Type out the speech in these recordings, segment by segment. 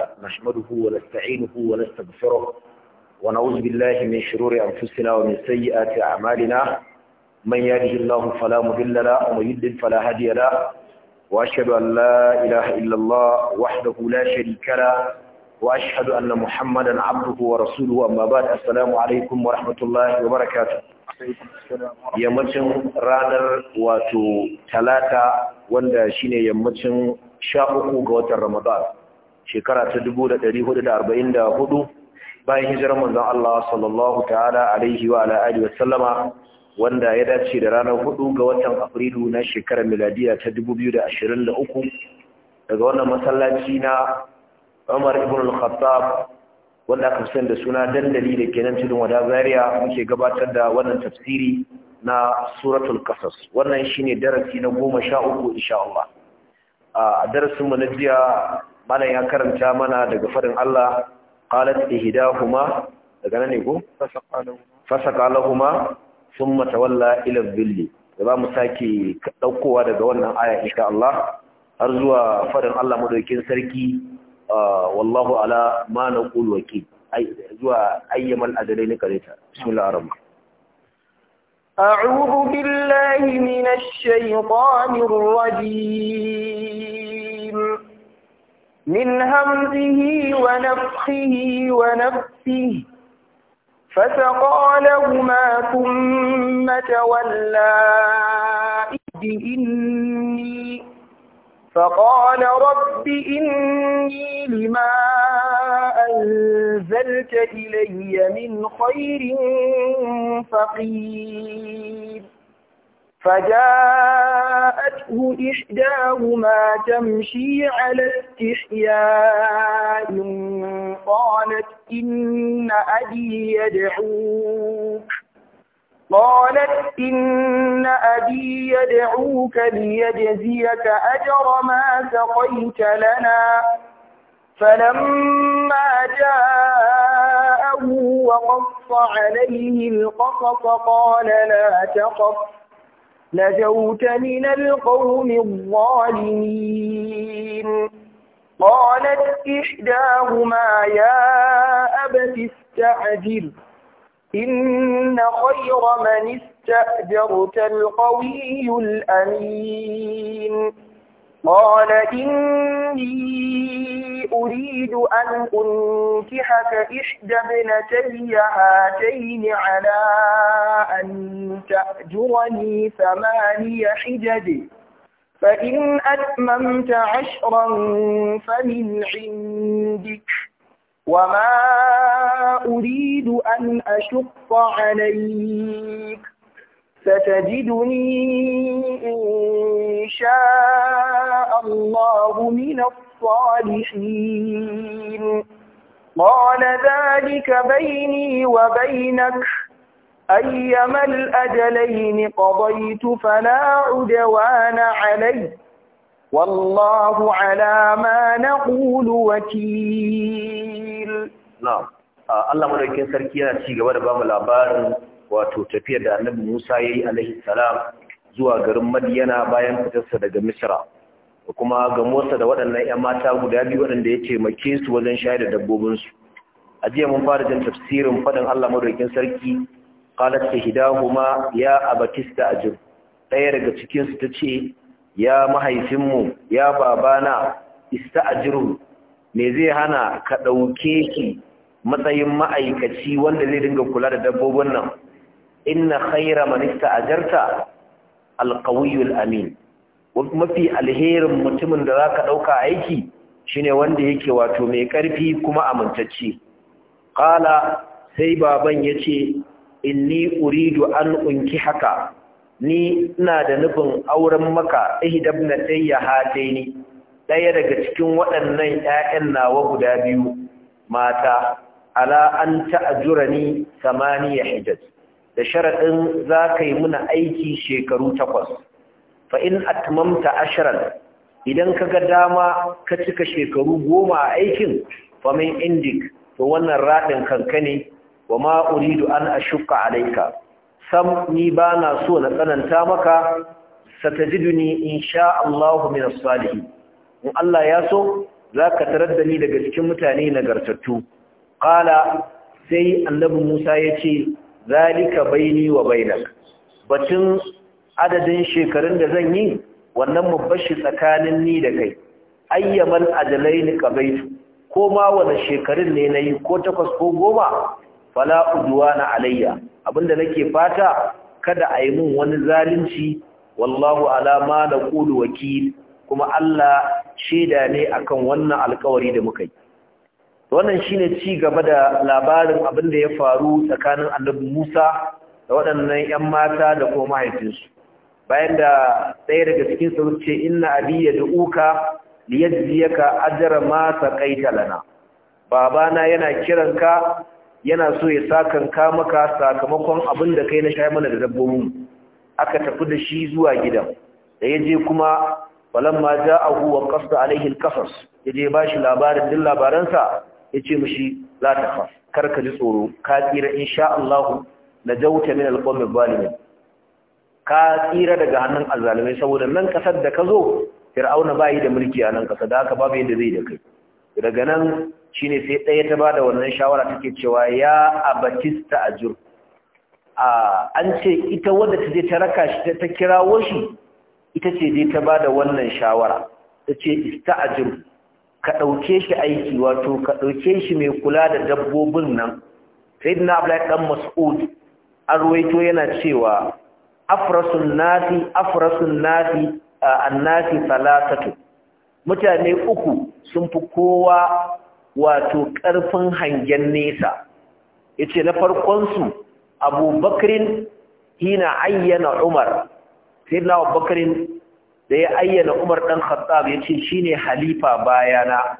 نحمده ونستعينه ونستغفره ونعوذ بالله من شرور أنفسنا ومن سيئات أعمالنا من يهده الله فلا مضل له ومن يضلل فلا هادي له وأشهد أن لا إله إلا الله وحده لا شريك له وأشهد أن محمدا عبده ورسوله أما بعد السلام عليكم ورحمة الله وبركاته yammacin ranar wato talata wanda shine yammacin sha uku ga watan ramadan shekara ta 1444 bayan hijirar manzon Allah sallallahu ta'ala alaihi wa ala wa sallama wanda ya dace da ranar 4 ga watan Afrilu na shekarar miladiya ta 2023 daga wannan masallaci na Umar ibn al-Khattab wanda aka fi da suna dandali da ke nan wada zaria muke gabatar da wannan tafsiri na suratul qasas wannan shine darasi na goma sha insha Allah a darasin mu na jiya malam ya karanta mana daga farin Allah qalat ihdahuma daga nan ne ko fasaka lahuma thumma tawalla ila dhilli za mu sake daukowa daga wannan aya insha Allah har zuwa farin Allah madaukin sarki wallahu ala ma naqul wakil zuwa ayyamal adalaini kareta bismillahir rahmanir أعوذ بالله من الشيطان الرجيم من همزه ونفخه ونفسه فسقى لهما ثم تولى إني فقال رب إني لما أنزلت إلي من خير فقير فجاءته إحداهما تمشي على استحياء قالت إن أبي يدعوك قالت إن أبي يدعوك ليجزيك أجر ما سقيت لنا فلما جاءه وقص عليه القصص قال لا تقص نجوت من القوم الظالمين قالت إحداهما يا أبت استعجل إن خير من استأجرت القوي الأمين قال إني أريد أن أنكحك إحدى ابنتي هاتين على أن تأجرني ثماني حجد فإن أتممت عشرا فمن عندك وما أريد أن أشق عليك ستجدني إن شاء الله من الصالحين قال ذلك بيني وبينك أيما الأجلين قضيت فلا عدوان علي والله على ما نقول وكيل نعم الله مدركين سركينا شيء قبل بام الأبار wato tafiyar da annabi Musa ya yi alaihi salam zuwa garin Madiyana bayan fitarsa daga Misra Kuma ga motsa da waɗannan ‘yan mata guda biyu waɗanda ya taimake su wajen shayar da dabbobinsu. A jiya mun fara jin tafsirin faɗin Allah madaukin sarki qalat ma ya abatista ajr ɗaya daga cikin su ce ya mahaifinmu ya babana ista'jiru me zai hana ka ɗauke ki matsayin ma'aikaci wanda zai dinga kula da dabbobin nan inna khaira man ista'jarta alqawiyul amin mafi alherin mutumin da za ka ɗauka aiki shine wanda yake wato mai ƙarfi kuma amintacce qala sai baban yace inni uridu an unki haka ni ina da nufin auren maka ihdabna tayya hataini daya daga cikin waɗannan ƴaƴan nawa guda biyu mata ala an ta'jurani samaniya hijaj da sharaɗin za ka yi muna aiki shekaru takwas fa'in atmamta ashirar idan ka ga dama ka cika shekaru goma a aikin famin indik to wannan raɗin kankane, ne wa ma'uridu an a shuka alaika sam ni ba na so na tsananta maka satajiduni in sha Allahu min salihi in Allah ya so za ka tarar da ni daga cikin mutane nagartattu ƙala sai annabi musa ya ce zalika baini wa bainak batun adadin shekarun da zan yi wannan mu bashi tsakanin ni da kai ayyaman ajalaini qabaitu ko ma wani shekarun ne nayi ko takwas ko goma fala udwana alayya abinda nake fata kada a yi mun wani zalunci wallahu ala ma naqulu wakil kuma Allah shaida ne akan wannan alƙawari da muka yi wannan shine ci gaba da labarin abin da ya faru tsakanin annabi Musa da waɗannan 'yan mata da kuma mahaifinsu bayan da ɗaya daga cikin su ce inna abi yad'uka liyajziyaka ajra ma saqaita lana babana yana kiran ka yana so ya sakanka maka sakamakon abin da kai na shayar mana da dabbobin aka tafi da shi zuwa gidan da ya je kuma falamma ja'ahu wa qasta alaihi ya je yaje bashi labarin din labaransa ya ce mashi la ta fa karka ji tsoro ka tsira insha Allah na jauta min alqawmi zalimin ka tsira daga hannun azzalumai saboda nan kasar da ka zo fir'auna yi da mulki a nan kasa da haka babu yadda zai da kai daga nan shine sai ɗaya ta bada wannan shawara take cewa ya abatista ajur a an ce ita wadda ta je ta raka shi ta kirawo shi ita ce dai ta bada wannan shawara ta ce ka ɗauke shi aiki wato ka ɗauke shi mai kula da dabbobin nan sai dina abulai ɗan mas'ud an ruwaito yana cewa afrasun nasi afrasun nasi annasi salatatu mutane uku sun fi kowa wato ƙarfin hangen nesa ya ce na farkonsu abubakarin hina ayyana umar sai na abubakarin da ya ayyana Umar ɗan Khattab ya ce shi shine halifa bayana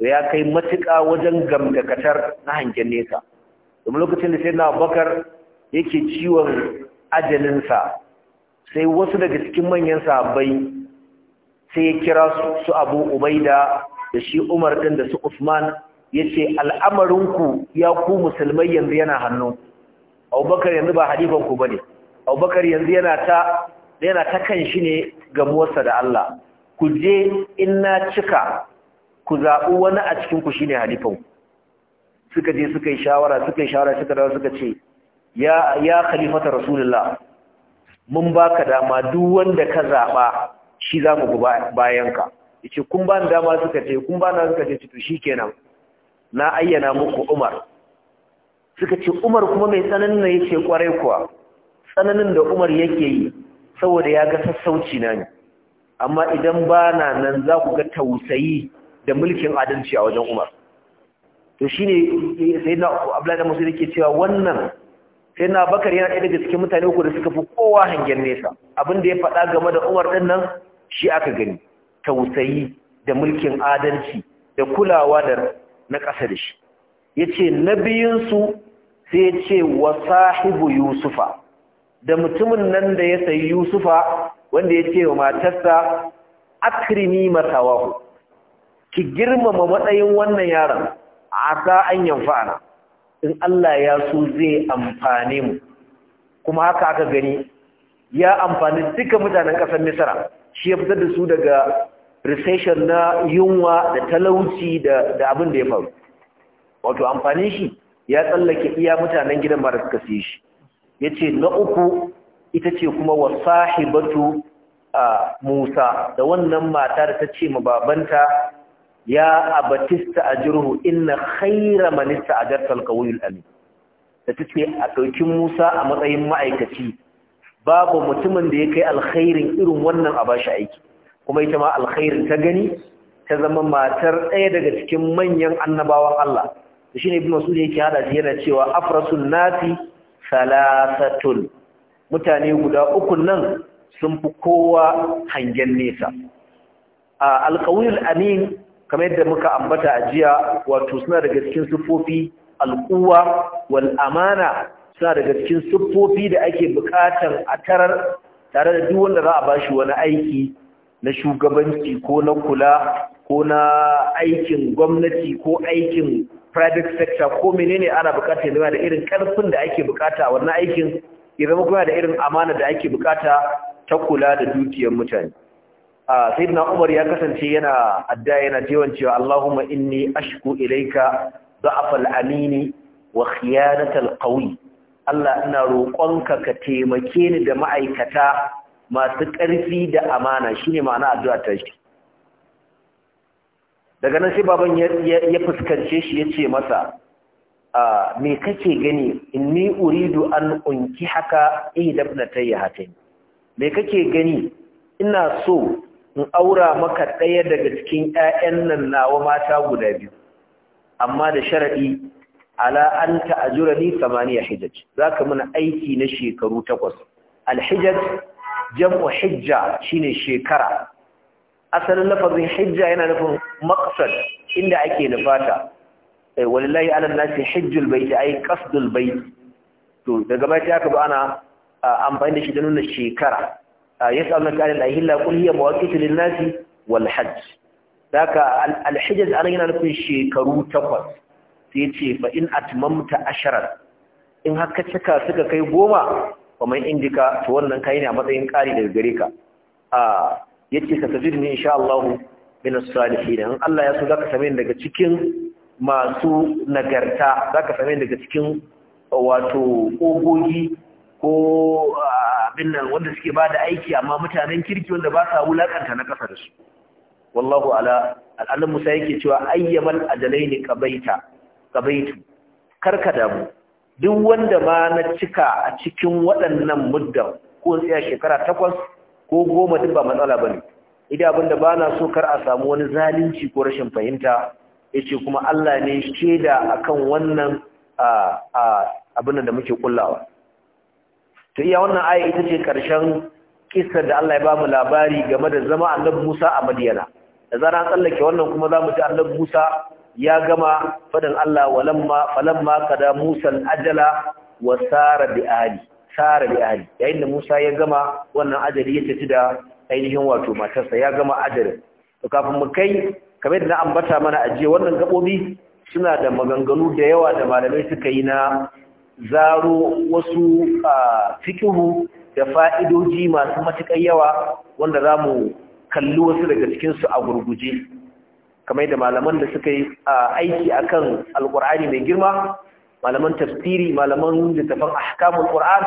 ya kai matuƙa wajen gamdakatar na hangen nesa Dama lokacin da sai na bakar yake ciwon ajalinsa sai wasu daga cikin manyan sahabbai sai ya kira su su abu ubaida da shi umar ɗin da su usman ya ce al'amarinku ya ku musulmai yanzu yana hannu abubakar yanzu ba halifanku ba ne abubakar yanzu yana ta yana ta kan shi ne ga da Allah ku je in na cika ku zaɓi wani a cikin ku shine halifan suka je suka yi shawara suka yi shawara suka dawo suka ce ya ya khalifata rasulullah mun baka dama duk wanda ka zaɓa shi za mu bayan ka yace kun ba ni dama suka ce kun ba na suka ce to kenan. na ayyana muku Umar suka ce Umar kuma mai tsananin ne yace kwarai kuwa tsananin da Umar yake yi saboda ya ga sassauci na ne amma idan ba na nan za ku ga tausayi da mulkin adalci a wajen umar to shi ne sai na da ke cewa wannan sai na bakar yana ɗaya daga cikin mutane uku da suka fi kowa hangen nesa abin da ya faɗa game da umar ɗin nan shi aka gani tausayi da mulkin adalci da kulawa da na ƙasa da shi ya ce na biyunsu sai ya ce wa sahibu yusufa da mutumin nan da ya sayi Yusufa wanda ya ce wa matarsa akrimi matawahu ki girmama matsayin wannan yaron asa an yanfa'ana in Allah ya so zai amfane mu kuma haka aka gani ya amfani duka mutanen ƙasar Misra shi ya fitar da su daga recession na yunwa da talauci da da abin da ya faru wato amfanin shi ya tsallake iya mutanen gidan ba suka shi yace na uku ita ce kuma wa sahibatu a Musa da wannan mata da ta ce ma babanta ya abatista ajruhu inna khayra man a al-qawiyul amin da tace a dauki Musa a matsayin ma'aikaci babu mutumin da ya kai alkhairin irin wannan a bashi aiki kuma ita ma alkhairin ta gani ta zama matar ɗaya daga cikin manyan annabawan Allah Da shi shine ibn Mas'ud yake hada shi yana cewa afrasun nasi salasatun mutane guda uku nan sun fi kowa hangen nesa a alkawulul amin kamar yadda muka ambata a jiya wato suna daga cikin siffofi al'uwa wal amana suna daga cikin siffofi da ake buƙatan a tarar tare da duk wanda za a bashi wani aiki na shugabanci ko na kula ko na aikin gwamnati ko aikin private sector ko menene ana bukata ya zama da irin karfin da ake bukata a wannan aikin ya zama kuma da irin amana da ake bukata ta kula da dukiyar mutane a sayyidina Umar ya kasance yana adda yana jewan cewa Allahumma inni ashku ilayka da'af al-amini wa khiyanat al-qawi Allah ina roƙonka ka taimake ni da ma'aikata masu ƙarfi da amana shine ma'ana addu'a ta shi daga nan sai baban ya fuskance shi ya ce masa me kake gani In inni uridu an unki haka ihda ibnatayya hatain me kake gani ina so in aura maka ɗaya daga cikin 'ya'yan nan nawa mata guda biyu amma da sharadi ala an ni samaniya za ka muna aiki na shekaru takwas alhijaj jam'u hijja shine shekara asalin lafazin hijja yana nufin maqsad inda ake nufata ai eh, wallahi ala nasi hijjul baiti ai qasdul baiti to daga bai ta ba ana amfani da shi da nuna shekara yas'alunaka anil ahilla qul hiya mawaqitu lin nasi wal hajj daka al hijj yana nufin shekaru takwas sai ce fa in atmamta asharan in haka cika suka kai goma kuma indika to wannan kai ne a matsayin kari daga gare ka yace ka ne insha Allah min as-salihin in Allah ya so zaka same ni daga cikin masu nagarta zaka same ni daga cikin wato kogogi ko abin nan wanda suke bada aiki amma mutanen kirki wanda ba sa wulakanta na kasa da su wallahu ala al'alan musa yake cewa ayyaman ajalaini qabaita qabaitu karka damu duk wanda ma na cika a cikin waɗannan muddan ko tsaya shekara takwas ko goma duk ba matsala ba ne idan abin ba na so kar a samu wani zalunci ko rashin fahimta ya ce kuma Allah ne shaida a kan wannan abin da muke kullawa to iya wannan aya ita ce ƙarshen kisar da Allah ya ba mu labari game da zama annabi Musa a Madiyana da zara tsallake wannan kuma za mu ji annabi Musa ya gama fadin Allah walamma falamma kada Musa al-ajala wa sara bi ali tara bi ahli yayin da Musa ya gama wannan ajali ya tafi da ainihin wato matarsa ya gama ajali to kafin mu kai kamar da na ambata mana aje wannan gabobi suna da maganganu da yawa da malamai suka yi na zaro wasu fikihu da fa'idoji masu matukar yawa wanda za mu kalli wasu daga cikinsu a gurguje kamar da malaman da suka yi aiki akan alkur'ani mai girma malaman tafsiri malaman littafin ahkamul qur'an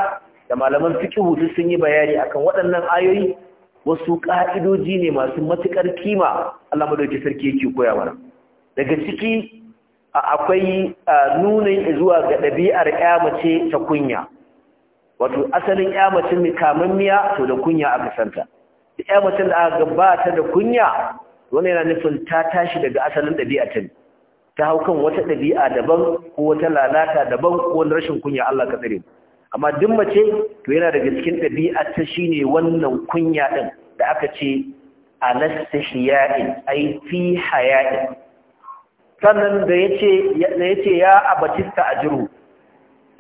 da malaman fiqh duk sun yi bayani akan waɗannan ayoyi wasu ka'idoji ne masu matukar kima Allah madauki sarki yake koya mana daga ciki akwai nunin zuwa ga ɗabi'ar mace ta kunya wato asalin mace mai kamammiya to da kunya a santa da mace da aka gabata da kunya wani yana nufin ta tashi daga asalin ɗabi'a ta ta hau kan wata ɗabi'a daban ko wata lalata daban ko wani rashin kunya Allah ka tsare amma duk mace to yana daga cikin ɗabi'a ta shine wannan kunya ɗin, da aka ce alastihiya'in ai fi haya'in sannan da yace da yace ya abatista ajru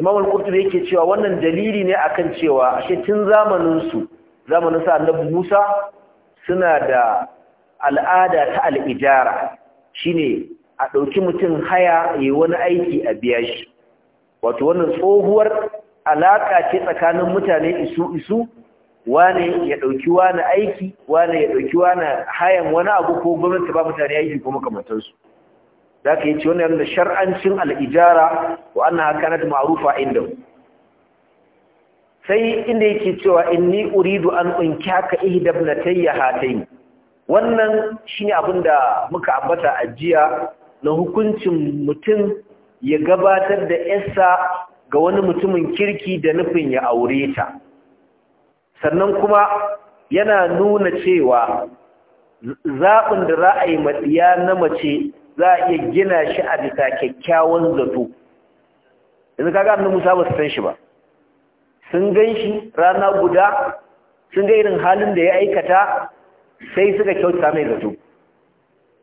Imam al-Qurtubi yake cewa wannan dalili ne akan cewa shi tun zamanin su zamanin sa Annabi Musa suna da al'ada ta al'ijara shine a ɗauki mutum haya yi wani aiki a biya shi wato wannan tsohuwar alaƙa ce tsakanin mutane isu isu wane ya ɗauki wani aiki wane ya ɗauki wani hayan wani abu ko gwamnati ba mutane aiki ko makamantansu za ka yi ci wani yadda shar'ancin al'ijara wa ana haka na ma'arufa inda sai inda yake cewa in ni uridu an unkyaka ya hatai. wannan shi ne abin da muka ambata a jiya na hukuncin mutum ya gabatar da yarsa ga wani mutumin kirki da nufin ya aure ta sannan kuma yana nuna cewa zaɓin da za a yi matsiya na mace za a iya gina shi a bisa kyakkyawan zato yanzu kaga annabi Musa ba su san shi ba sun gan shi rana guda sun ga irin halin da ya aikata sai suka kyauta mai zato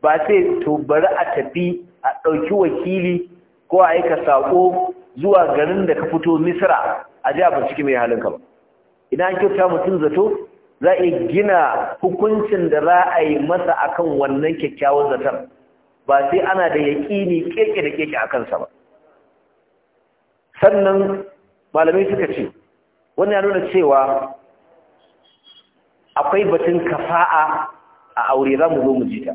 ba sai to bari a tafi a ɗauki wakili ko a aika saƙo zuwa garin da ka fito misra a ji a bincike mai halin ba idan an kyauta mutum zato za a gina hukuncin da za a yi masa akan wannan kyakkyawan zatar. ba sai ana da yaƙini keke da keke a kansa ba sannan malamai suka ce wani ya nuna cewa akwai batun kafa'a a aure za mu zo mu ji ta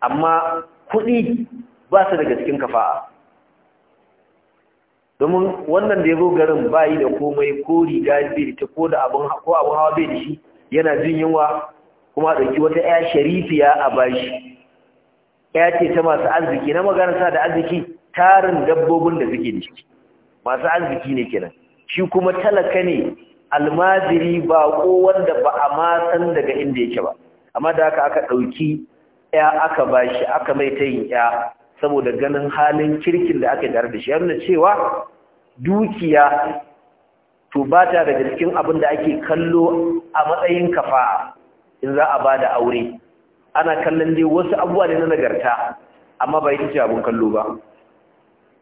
amma kuɗi ba su daga cikin kafa'a domin wannan da ya zo garin bayi da komai ko riga bai da ko da abin hawa bai da shi yana jin yunwa kuma ɗauki wata ƴa sharifiya a bashi ya ce ta masu arziki na magana da arziki tarin dabbobin da suke da shi masu arziki ne kenan shi kuma talaka ne almaziri ba ko wanda ba a matsan daga inda yake ba amma da haka aka ɗauki ya aka ba shi aka mai yin ya saboda ganin halin kirkin da aka tare da shi yana cewa dukiya to ba ta daga cikin abin da ake kallo a matsayin kafa in za a ba da aure ana kallon dai wasu abubuwa ne na nagarta amma ba yi ce abin kallo ba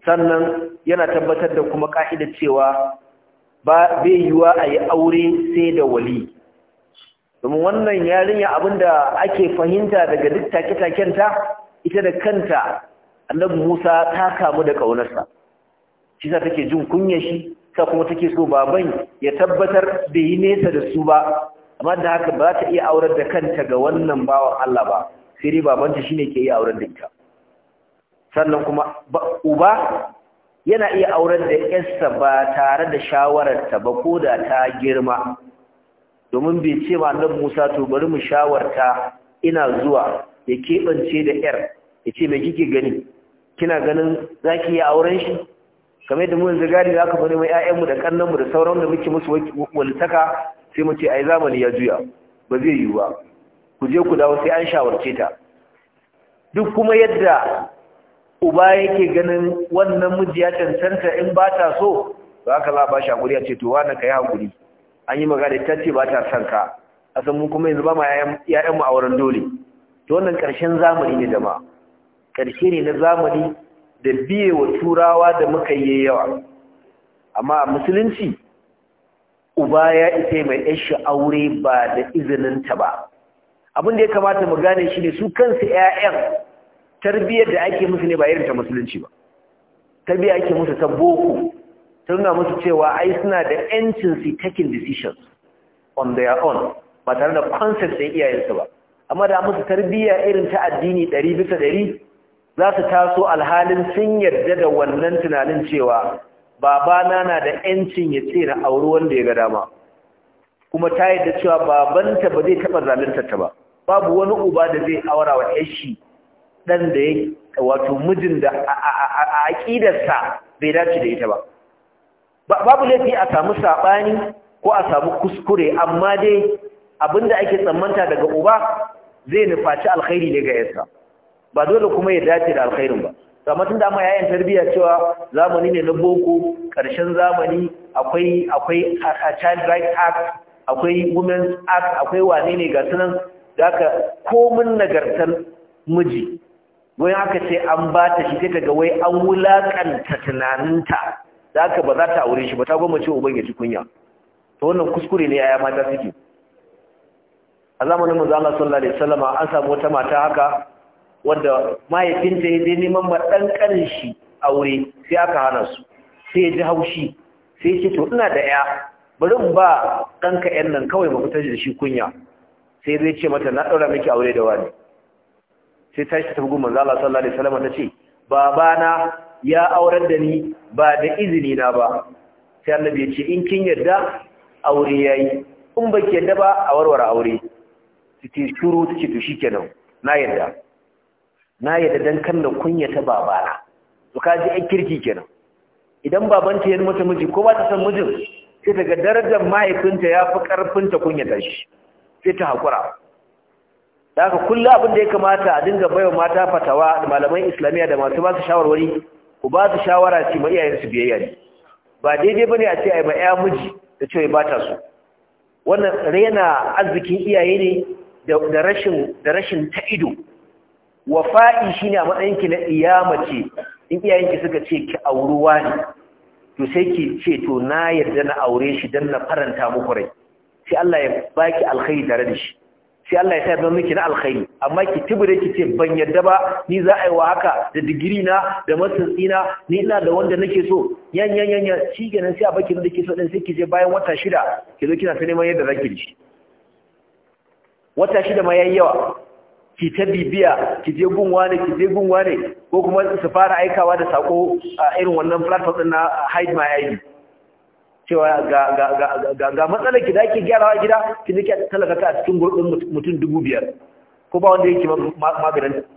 sannan yana tabbatar da kuma ka'idar cewa ba bai yiwa a yi aure sai da wali domin wannan yarinya abinda ake fahimta daga duk take-taken ta ita da kanta annabi Musa ta kamu da ƙaunarsa. shi sa take jin kunya shi ta kuma take so baban ya tabbatar da yi nesa da su ba amma da haka ba ta iya aurar da kanta ga wannan bawan Allah ba sai dai babanta shine ke iya aurar da ita sannan kuma uba yana iya aurar da yarsa ba tare da shawararta ba ko da ta girma domin bai ce ma nan Musa to bari mu shawarta ina zuwa ya keɓance da 'yar? ya ce me kike gani kina ganin za ki yi auren shi kamar yadda mu yanzu gari za ka bari mai ƴaƴanmu da kannanmu da sauran da muke musu walitaka sai mu ce ai zamani ya juya ba zai yiwu ba ku je ku dawo sai an shawarce ta duk kuma yadda uba yake ganin wannan miji ya cancanta in ba ta so ba ka za a ba shi hakuri a ce to na ka yi hakuri an yi magana ta ce ba ta son ka a san mu kuma yanzu ba ma ‘ya'yanmu a wurin dole to wannan ƙarshen zamani ne da ma, ƙarshe ne na zamani da biye wa turawa da muka yi yawa amma a musulunci uba ya isa mai ‘yashi aure ba da izininta ba abin da ya kamata mu gane shi ne su kansu ‘ya'yan tarbiyyar da ake musu ne ba irin ta musulunci ba tarbiyyar ake musu ta boko tunga musu cewa ai suna da yancin su taking decisions on their own ba tare da concept ɗin iyayensu ba amma da musu tarbiyya irin ta addini ɗari bisa ɗari za su taso alhalin sun yarda da wannan tunanin cewa babana na da yancin ya ce na auri wanda ya ga dama kuma ta yarda cewa babanta ba zai taba zalunta ta ba babu wani uba da zai aura wa yashi ɗan da ya wato mijin da a aƙidarsa bai dace da ita ba babu laifi a samu saɓani ko a samu kuskure amma dai abinda ake tsammanta daga uba zai nufaci alkhairi ne ga yasa ba dole kuma ya dace da alkhairin ba kamar tun yayin tarbiyya cewa zamani ne na boko Karshen zamani akwai akwai a child right act akwai women's act akwai wane ne ga sunan zaka komin nagartar miji wai haka sai an ba ta shi ta ga wai an wulaƙanta tunaninta da aka ba za ta aure shi ba ta goma ce ubangiji ya kunya to wannan kuskure ne yaya mata suke a zamanin manzo Allah sallallahu alaihi wasallam an samu wata mata haka wanda mahaifinta ya je neman ma dan shi aure sai aka hana su sai ya ji haushi sai ya ce to ina da ya bari ba ɗanka yan nan kawai ba fitar da shi kunya sai zai ce mata na ɗaura miki aure da wani sai ta shi ta bugun manzo Allah sallallahu alaihi wasallam ta ce babana ya aurar da ni ba da izini na ba sai annabi ya ce in kin yarda aure yayi in baki yarda ba a warware aure tace shuru ce to shikenan na yarda na yarda dan kan kunya ta babana to kaji a kirki kenan idan babanta ya mata miji ko ba ta san mijin sai daga darajar mahaifinta ya fi karfinta kunyata shi sai ta hakura da haka abin da ya kamata a dinga baiwa mata fatawa da malaman islamiyya da masu ba su shawarwari ku ba su shawara ce ma iyayensu biyayya ne ba daidai bane a ce ai ma ya miji da cewa ba ta so wannan rena arzikin iyaye ne da rashin ta ido wafa'i shine a matsayin ki na iyamace in iyayenki suka ce ki auruwa ne to sai ki ce to na yarda na aure shi dan na faranta muku rai sai Allah ya baki alkhairi tare da shi sai Allah ya sa ban miki na alkhairi amma ki tibure ki ce ban yadda ba ni za a yi wa haka da digiri na da matsatsi na ni ina da wanda nake so yan yan yan yan shi sai a baki da ke so din sai ki je bayan wata shida ki zo kina ta neman yadda zaki ji wata shida ma yayi yawa ki ta bibiya ki je gun wane ki je gun wane ko kuma su fara aikawa da sako a irin wannan platform din na hide my id cewa ga matsalar ki ke gyara gyarawa gida ki nake talaka cikin gurbin mutum dubu biyar ko ba wanda yake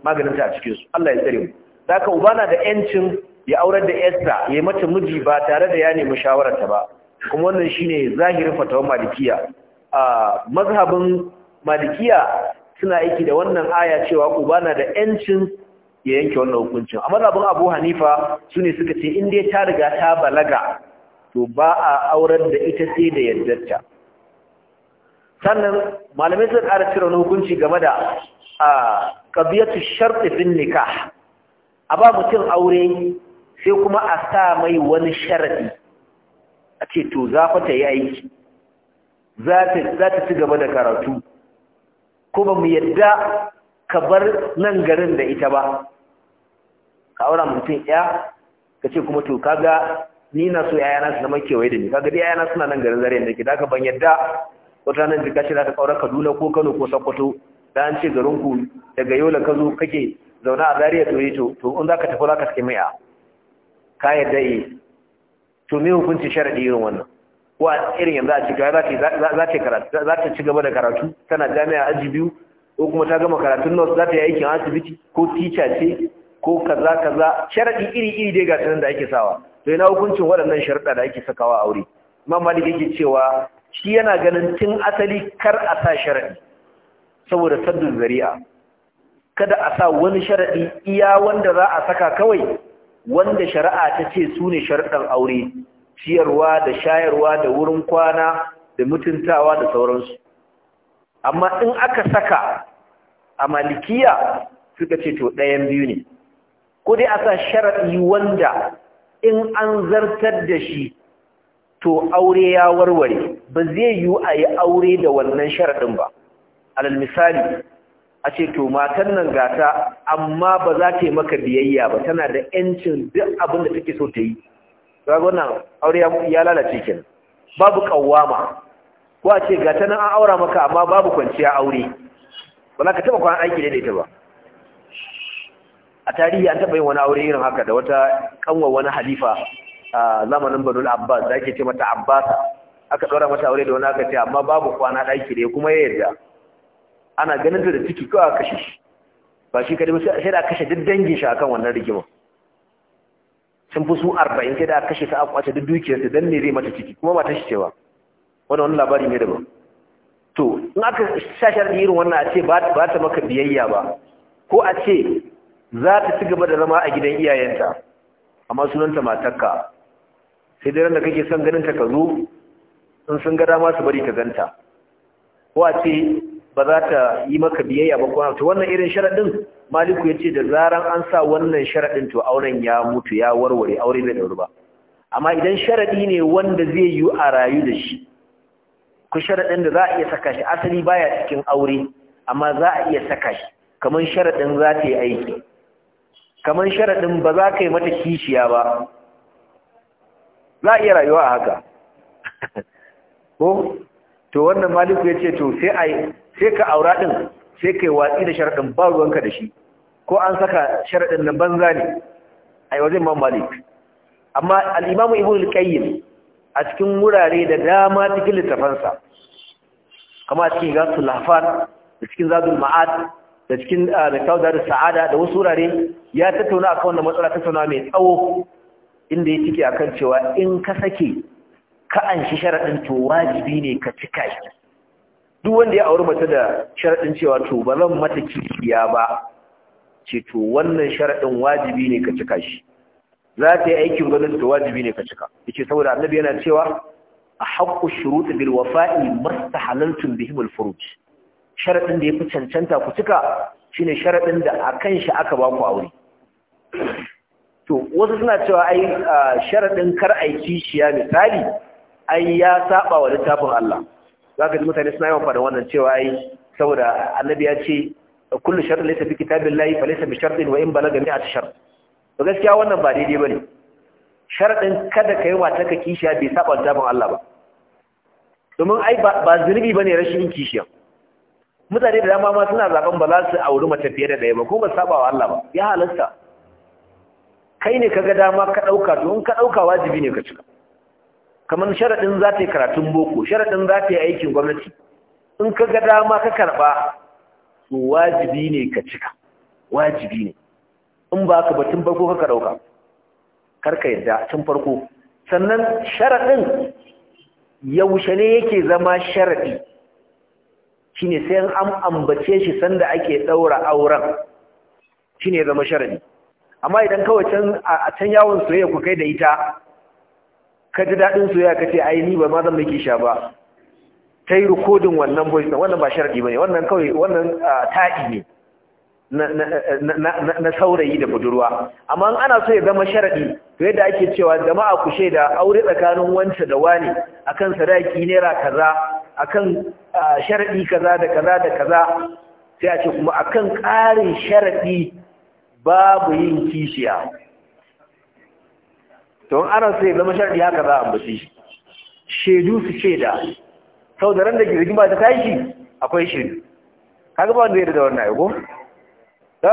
maganin ta a cikin su Allah ya tsare mu saka uba na da yancin ya aurar da Esther ya yi mata miji ba tare da ya nemi shawararta ba kuma wannan shine zahirin fatawar malikiya a mazhabin malikiya suna aiki da wannan aya cewa uba na da yancin ya yanke wannan hukuncin a mazhabin Abu Hanifa sune suka ce in dai ta riga ta balaga to ba a auren da ita sai da yaddarta sannan malamai sun ƙara cire wani hukunci game da a ƙabiyatu sharɗi bin nikah a ba mutum aure sai kuma a sa mai wani sharɗi a ce to za ta yi aiki za ta ci gaba da karatu kuma mu yadda ka bar nan garin da ita ba ka aura mutum ya ka ce kuma to kaga ni na so yayana su zama kewaye da ni kaga dai yayana suna nan garin zare ne ke daga ban yadda wata nan jika shi za ta kaura kaduna ko kano ko sokoto da an ce garin ku daga yola ka zo kake zauna a zariya tsoye to to in za ka tafi zaka ka mai a ka yadda yi eh. to me hukunci sharaɗi irin wannan ko a irin yanzu a cikin za ta ci gaba da karatu tana jami'a aji biyu ko kuma ta gama karatun nurse za ta yi aikin asibiti ko teacher ce ko kaza kaza sharaɗi iri iri dai ga da ake sawa Sai na hukuncin waɗannan sharuɗa da ake sakawa a aure imam malik yake cewa shi yana ganin tun asali kar a sa sharaɗi saboda saddun zari'a kada a sa wani sharaɗi iya wanda za a saka kawai wanda shari'a ta ce su ne sharuɗan aure ciyarwa da shayarwa da wurin kwana da mutuntawa da sauransu amma in aka saka a malikiya suka ce to ɗayan biyu ne ko dai a sa sharaɗi wanda in an zartar da shi to aure ya warware ba zai yiwu a yi aure da wannan sharaɗin ba alal misali a ce to matan nan gata amma ba za ta yi maka biyayya ba tana da ‘yancin duk abin da take so ta yi ga aure ya lalace kenan babu kawama ko a ce gata nan an aura maka amma babu kwanciya aure ba za ka taɓa kwan aiki daidaita ba a tarihi an taɓa yin wani aure irin haka da wata kanwar wani halifa a zamanin banul abbas da ake ce mata abbasa aka ɗora mata aure da wani aka ce amma babu kwana ɗaki da kuma ya yarda ana ganin da ciki kawai a kashe shi ba shi kadai sai da kashe duk dangin shi akan wannan rigima sun fi su arba'in sai da kashe ta a kwace duk dukiyarsa don ne zai mata ciki kuma mata shi cewa wannan wani labari ne daban to in aka shashar irin wannan a ce ba ta maka biyayya ba ko a ce za ta ci gaba da zama a gidan iyayenta amma sunanta matarka sai dai da kake son ganin ta ka zo in sun ga masu su bari ka ganta ko a ce ba za ta yi maka biyayya ba kuma to wannan irin sharaɗin maliku ce da zaran an sa wannan sharaɗin, to auren ya mutu ya warware aure bai ɗauri ba amma idan sharaɗi ne wanda zai yi a rayu da shi ku sharaɗin da za a iya saka shi asali baya cikin aure amma za a iya saka shi kamar sharaɗin za ta yi aiki kamar sharaɗin ba za ka yi mata kishiya ba za a iya rayuwa a haka ko to wannan maliku ya ce to sai ka aura ɗin sai ka yi watsi da sharaɗin ba ruwanka da shi ko an saka sharaɗin na banza ne a yi wajen man malik amma al'imamu ibu al a cikin wurare da dama cikin littafansa kama cikin gasu lafar da cikin zadul ma'ad da cikin ah, da kauda da sa'ada da wasu wurare ya tattauna akan da matsala tattauna mai tsawo inda ya cike akan cewa in ka sake ka an shi sharaɗin to wajibi ne ka cika shi duk wanda ya auri mace da sharaɗin cewa to ba zan mata kishiya ba ce to wannan sharaɗin wajibi ne ka cika shi za ta yi aikin gwamnati to wajibi ne ka cika ce saboda annabi yana cewa a haƙƙu shuruɗi bil wafa'i masta bihim al furuj sharaɗin da ya fi cancanta ku cika shi ne sharaɗin da a kan shi aka ba ku aure to wasu suna cewa ai sharaɗin kar a kishiya misali ai ya saba wa littafin Allah za ka ji mutane suna yawan faɗa wannan cewa ai saboda annabi ya ce kullu sharaɗin laisa fi layi, fa laisa bi sharaɗin wa in balaga mi'at shart to gaskiya wannan ba daidai bane sharaɗin kada ka yi wata ka kishiya bai saba littafin Allah ba domin ai ba zunubi bane rashin kishiya mutane da dama ma suna zaben ba za su auri mace fiye da ɗaya ba ko ba saba wa Allah ba ya halasta kai ne ka ga dama ka ɗauka to in ka ɗauka wajibi ne ka cika kamar sharaɗin za ta yi karatun boko sharaɗin za ta yi aikin gwamnati in ka ga dama ka karɓa to wajibi ne ka cika wajibi ne in ba ka batun farko ka ɗauka Kar ka yadda tun farko sannan sharaɗin yaushe ne yake zama sharaɗi ne sai an ambace shi sanda ake ɗaura auren ne zama sharadi amma idan kawai can yawon soyayya ku kai da ita ka ji daɗin soyayya ka ce ni ba ma zan miki sha ba Ta yi rikodin wannan voice wannan ba sharadi ne, wannan kawai wannan taɗi ne na saurayi da budurwa amma ana so ya zama sharadi to yadda ake cewa jama'a ku shaida aure tsakanin wance da wani akan sadaki naira kaza akan sharadi kaza da kaza da kaza sai a ce kuma akan ƙarin sharadi babu yin kishiya don ana sai zama sharadi haka za a ambaci shedu su da. sau da ran da ba ta tashi akwai shedu kaga ba wanda ya da wannan aiko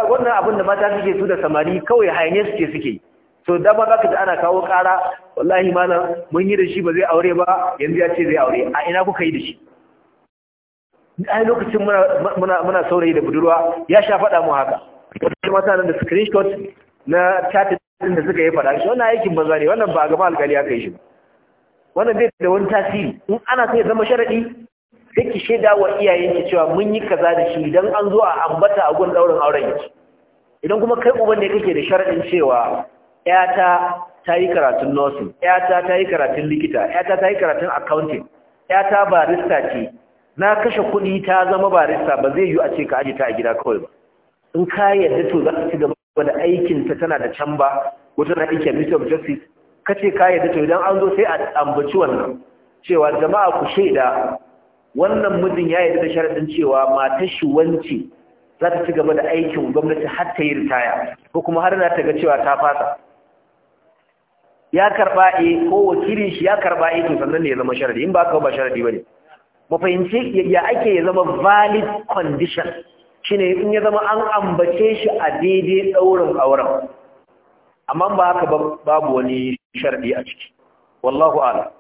wannan abin da mata suke su da samari kawai haine suke suke yi so dama za ka ji ana kawo ƙara wallahi malam mun yi da shi ba zai aure ba yanzu ya ce zai aure a ina kuka yi da shi ai lokacin muna saurayi da budurwa ya sha faɗa mu haka wannan mata nan da screenshot na chat din da suka yi faɗa shi wannan aikin banza ne wannan ba a gaba alƙali aka yi shi wannan zai da wani tasiri in ana so ya zama sharaɗi sai ki shaida wa ki cewa mun yi kaza da shi idan an zo a ambata a gun daurin auren ki idan kuma kai uban ne kake da sharaɗin cewa yata ta yi karatun nursing yata ta yi karatun likita yata ta yi karatun accounting yata barista ce na kashe kuɗi ta zama barista ba zai yi a ce ka aji ta a gida kawai ba in ka yadda to za ka ci gaba da aikin ta tana da can ba ko tana aikin Mr. of justice ka ce ka yadda to idan an zo sai a ambaci wannan cewa jama'a ku shaida wannan mijin ya yarda da sharaɗin cewa matar shi wance za ta ci gaba da aikin gwamnati har ta yi ritaya ko kuma har na ta ga cewa ta fasa ya karba a ko wakilin shi ya karba a to sannan ne ya zama sharadi in ba ka ba sharadi bane mu fahimci ya ake ya zama valid condition shine in ya zama an ambace shi a daidai daurin auren amma ba haka babu wani sharadi a ciki wallahu ala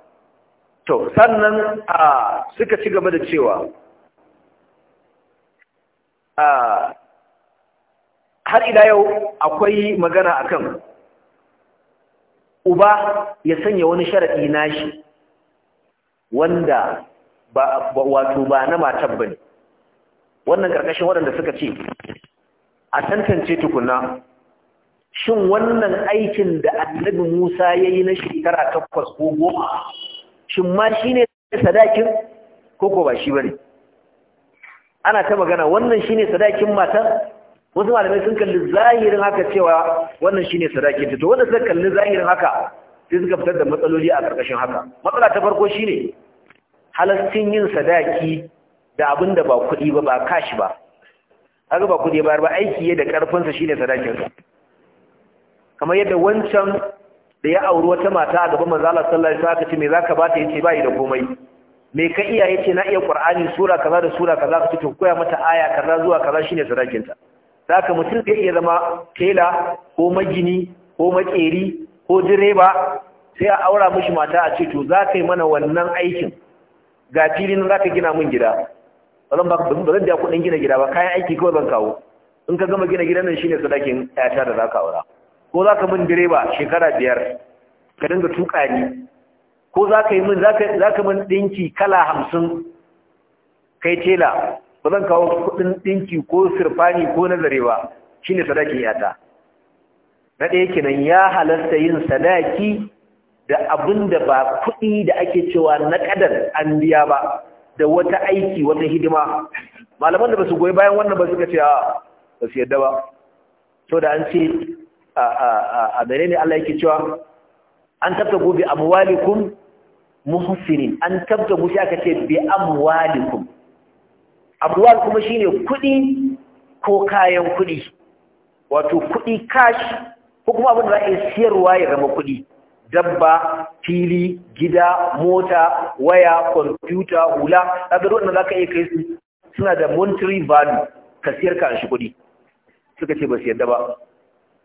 to sannan a suka ci gaba da cewa har ila yau akwai magana akan uba ya sanya wani sharadi nashi wanda ba wato ba na matar bane wannan karkashin waɗanda suka ce a tantance tukuna shin wannan aikin da annabi Musa ya yi na shekara takwas ko goma shin ma shi ne sadakin ko ko ba shi ba ne ana ta magana wannan shi ne sadakin matar wasu malamai sun kalli zahirin haka cewa wannan shine sadaki ta to wanda suka kalli zahirin haka sai suka fitar da matsaloli a karkashin haka matsala ta farko shine halastin yin sadaki da abin da ba kuɗi ba ba kashi ba haka ba kuɗi ba ba aiki yadda karfinsa shine sadakin kamar yadda wancan da ya auri wata mata a gaban manzo Allah sallallahu alaihi wasallam ce me zaka ba ta yace bai da komai me ka iya yace na iya Qur'ani sura kaza da sura kaza ka to koya mata aya kaza zuwa kaza shine sadakin ta zaka mutum zai iya zama tela ko magini ko makeri ko direba sai a aura mishi mata a ce to za ka yi mana wannan aikin ga filin za ka gina min gida ba zan biya kuɗin gina gida ba kayan aiki kawai ban kawo in ka gama gina gidan nan shine sadakin 'yata da za ka aura ko za ka min direba shekara biyar ka dinga tuƙa ni ko za ka yi min za ka min ɗinki kala hamsin kai tela ba zan kawo kudin dinki ko sirfani ko nazare ba shine sadakin yata na ɗaya kenan ya halasta yin sadaki da abin da ba kuɗi da ake cewa na ƙadar an biya ba da wata aiki wata hidima malaman da ba su goyi bayan wannan ba suka ce ba su yadda ba so da an ce a mene ne Allah yake cewa an tabta gobe amwalikum muhsinin an tabta mushi aka ce bi amwalikum abduwan kuma shi ne kuɗi ko kayan kuɗi wato kuɗi cash ko kuma abin da za a yi siyarwa ya zama kuɗi dabba fili gida mota waya kwamfuta hula daga ruwan da za ka iya kai su suna da monetary value ka siyar ka shi kuɗi suka ce ba su yadda ba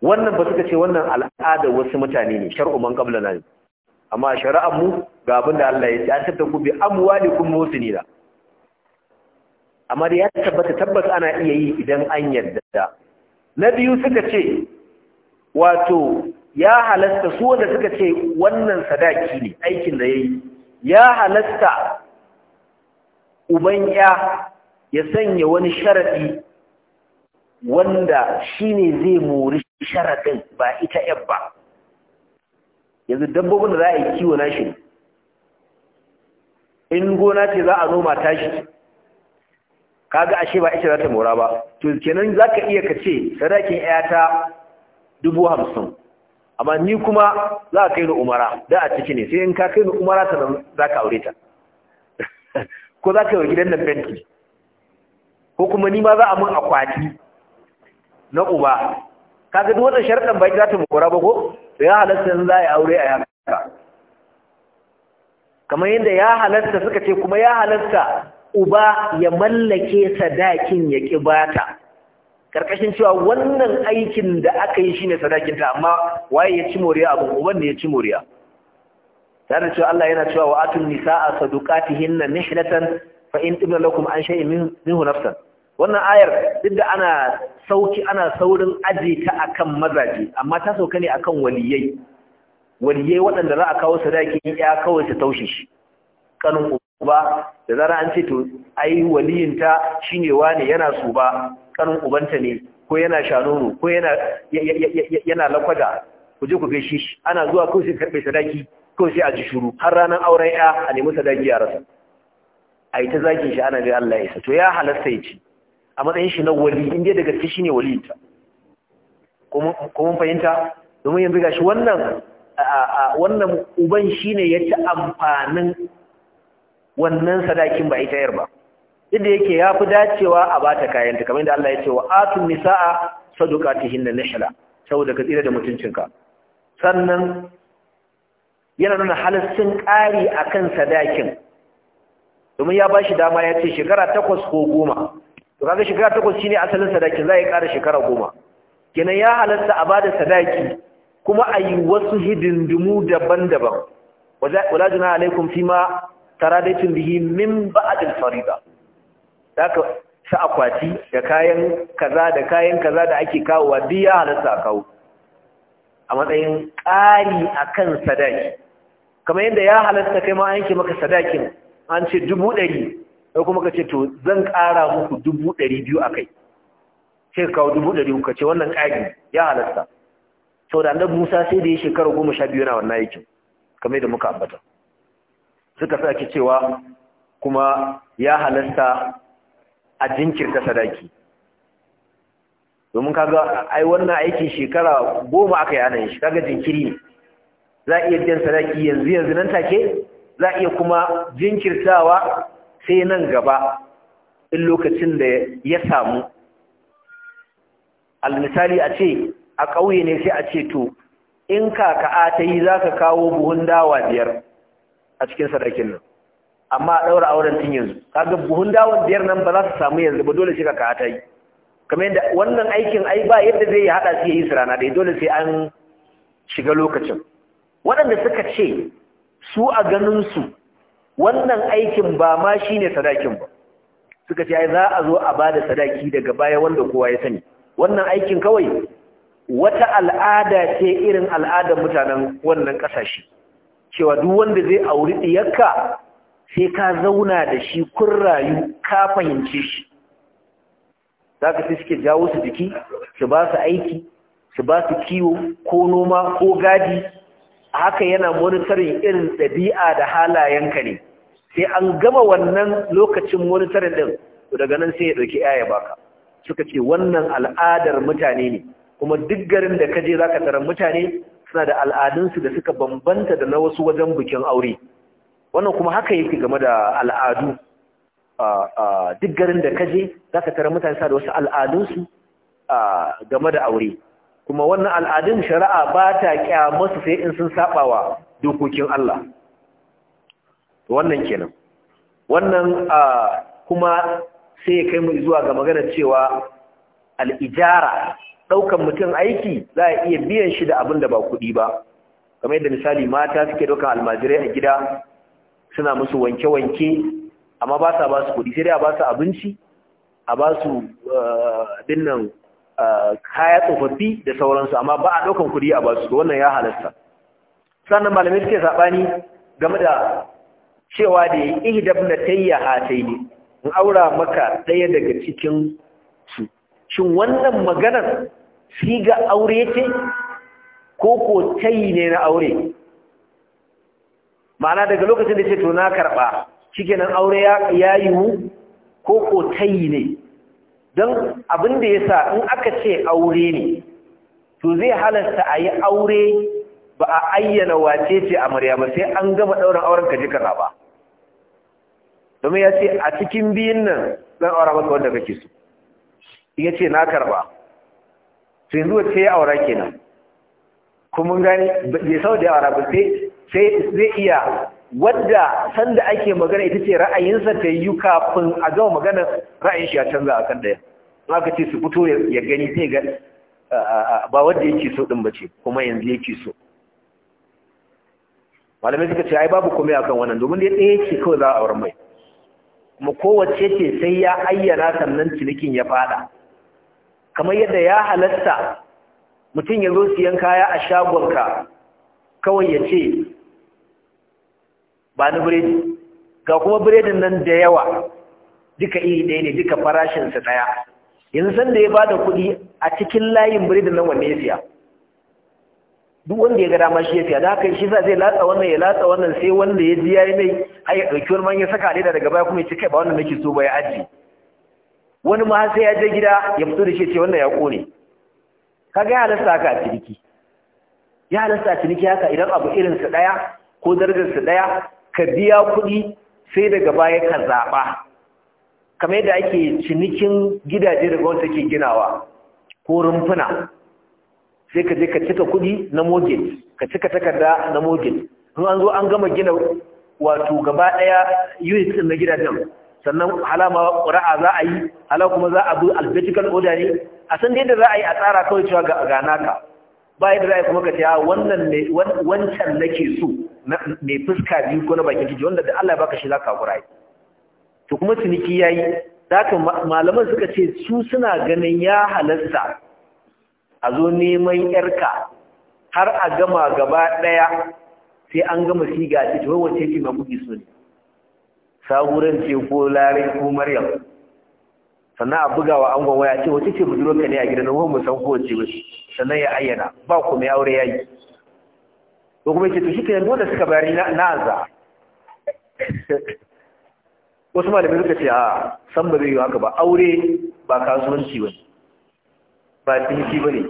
wannan ba suka ce wannan al'ada wasu mutane ne shar'u man qabla na amma shari'ar mu ga abin da Allah ya ce an kuma bi amwalikum da. amma da ya tabbata tabbas ana iya yi idan an yarda na biyu suka ce wato ya halasta su wanda suka ce wannan sadaki ne aikin da ya yi ya halasta uban ya ya sanya wani sharaɗi wanda shi ne zai mori sharaɗin ba ita yar ba yanzu dabbobin da za a yi kiwo na shi in gona ce za a noma tashi kaga ashe ba ita za ta mora ba to kenan za ka iya ka ce sadakin yata dubu hamsin amma ni kuma za ka kai ni umara da a ciki ne sai in ka kai ni umara ta za ka aure ta ko za ka yi wa gidan nan fenti ko kuma ni ma za a mun akwati na uba kaga duk wannan sharadan ba za ta mora ba ko to ya halatta yanzu za a yi aure a yaka kamar yadda ya halatta suka ce kuma ya halatta uba ya mallake sadakin ya kibata bata karkashin cewa wannan aikin da aka yi shine ta, amma waye ya ci moriya abin uban ne ya ci moriya tare cewa Allah yana cewa wa atun nisaa saduqatihinna nihlatan fa in tibna lakum an shay'in minhu nafsan wannan ayar duk da ana sauki ana saurin aje ta akan mazaje amma ta sauka ne akan waliyai waliyai waɗanda za a kawo sadaki ya kawai ta taushe shi kanun ba da zara an ce to ai waliyinta shine wani yana su ba kanin ubanta ne ko yana shanuru ko yana yana lakwada ku je ku ga shi ana zuwa ko sai karbe sadaki ko sai a ji shuru har ranar auren ya a nemi sadaki ya rasa ai ta zakin shi ana ga Allah ya sa to ya halasta ya ci a matsayin shi na wali dai da gaske shine waliyinta ko mun fahimta domin yanzu gashi wannan wannan uban shine ya ci amfanin wannan sadakin ba ita yar ba inda yake ya fi dacewa a ba ta kayanta kamar yadda Allah ya ce wa atun nisa'a sadukatihin nihla saboda ka tsira da mutuncinka sannan yana nuna halassun ƙari akan sadakin domin ya bashi dama ya ce shekara takwas ko goma to kaga shekara takwas shine asalin sadakin za kara ƙara shekara goma kenan ya halatta a bada sadaki kuma ayi wasu hidindimu daban-daban wala juna alaikum fima taradaitin bihi min ba'dil farida ka sa akwati da kayan kaza da kayan kaza da ake kawowa diya halatta kawo a matsayin ƙari akan sadaki kamar yadda ya halatta kai ma yanke maka sadakin an ce dubu ɗari sai kuma ka ce to zan ƙara muku dubu ɗari biyu a kai sai ka kawo dubu ɗari ka ce wannan ƙari ya halatta sau da annabi musa sai da ya shekara goma sha biyu na wannan aikin kamar yadda muka ambata suka sake cewa kuma ya halasta a jinkirta sadaki domin kaga ai wannan aikin shekara goma aka yi anayin kaga jinkiri ne za a iya biyan sadaki yanzu yanzu nan take za a iya kuma jinkirtawa sai nan gaba in lokacin da ya samu almisali a ce a ƙauye ne sai a ce to in kaka a ta yi za ka kawo buhun dawa biyar a cikin sadakin nan amma a auren tun yanzu kaga buhun dawon biyar nan ba za su samu yanzu ba dole sai ka kata yi kamar yadda wannan aikin ai ba yadda zai haɗa su ya yi su rana da dole sai an shiga lokacin waɗanda suka ce su a ganinsu wannan aikin ba ma shine sadakin ba suka ce ai za a zo a ba da sadaki daga baya wanda kowa ya sani wannan aikin kawai wata al'ada ce irin al'adar mutanen wannan ƙasashe cewa duk wanda zai auri diyarka sai ka zauna da shi kun rayu ka fahimce shi za ka sai suke jawo su jiki su ba su aiki su ba su kiwo ko noma ko gadi haka yana monitorin irin ɗabi'a da halayenka ne sai an gama wannan lokacin monitorin ɗin daga nan sai ya ɗauki ba baka suka ce wannan al'adar mutane ne kuma duk garin da ka je za ka tara mutane suna da al'adunsu da suka bambanta da na wasu wajen bikin aure wannan kuma haka yake game da al'adu duk garin da kaje za ka tara mutane sa da wasu al'adunsu game da aure kuma wannan al'adun shari'a ba ta kyamasu sai in sun wa dokokin Allah wannan kenan wannan kuma sai ya kai mu zuwa ga maganar cewa al'ijara ɗaukan mutum aiki za a iya biyan shi da abin da ba kuɗi ba kamar yadda misali mata suke ɗaukan almajirai a gida suna musu wanke-wanke amma ba sa ba su kuɗi sai dai a ba su abinci a ba su dinnan eh, eh, kaya tsofaffi da sauransu amma ba a ɗaukan kuɗi a ba su wannan ya halasta sannan malamai suke saɓani game da cewa da ya yi ihdab na tayya hatai ne in aura maka ɗaya daga cikin su shin wannan maganar siga aure ce ko ko tai ne na aure ma'ana daga lokacin da ce to na karɓa shikenan aure ya yiwu ko ko tai ne don abin da ya sa in aka ce aure ne to zai halarta a yi aure ba a ayyana wace ce a ba sai an gama ɗaurin auren ka jikar ba domin ya ce a cikin biyun nan zan aura maka wanda kake so ya ce na karba Su yanzu wace ya aura kenan kuma gani bai sau da yawara ba sai zai iya wadda sanda ake magana ita ce ra'ayinsa ta yi kafin a gama magana ra'ayin shi ya canza a kan daya in ka ce su fito ya gani sai ga ba wadda yake so din bace kuma yanzu yake so malamai suka ce ai babu komai akan wannan domin dai ɗaya ce kawai za a auren mai kuma kowace ce sai ya ayyana sannan cinikin ya fada kamar yadda ya halatta mutum ya zo siyan kaya a shagonka kawai ya ce ba ni biredi ga kuma biredin nan da yawa duka iri ɗaya ne duka farashinsa ɗaya yanzu sanda ya ba da kuɗi a cikin layin biredin nan wanne ya siya duk wanda ya ga dama shi ya siya da haka shi sa zai latsa wannan ya latsa wannan sai wanda ya ji ya yi mai har ya ɗauki wani man ya saka leda daga baya kuma ya ci kai ba wannan nake so ba ya ajiye wani ma sai ya je gida ya fito da shi ce wannan ya kone kaga ya halasta haka a ciniki ya halasta a ciniki haka idan abu irin su daya ko darajar su daya ka biya kuɗi sai daga baya ka zaɓa kamar yadda ake cinikin gidaje da gwamnati ke ginawa ko rumfuna sai ka je ka cika kuɗi na mogin ka cika takarda na mogin in an zo an gama gina wato gaba ɗaya unit na gidajen sannan halama ƙura'a za a yi hala kuma za a bi alphabetical oda ne a san da za a yi a tsara kawai cewa ga ka. ba yadda za a yi kuma ka ce ah, wannan ne wancan nake so mai fuska biyu ko na bakin jiji wanda da Allah ya baka shi za ka hakura to kuma ciniki ya yi za ka malaman suka ce su suna ganin ya halasta a zo neman yarka har a gama gaba ɗaya sai an gama siga a cikin wacce ce ma kuɗi ne saburan ce ko larin ko maryam sannan a buga wa angon waya ce wace ce budurwarka ne a gidan ruwan musamman ko kowace ba sannan ya ayyana ba ku mai aure yayi ko kuma ce to shi yanzu da suka bayar na za wasu malamai suka ce a san ba zai yi haka ba aure ba kasuwanci ba ba ciniki ba ne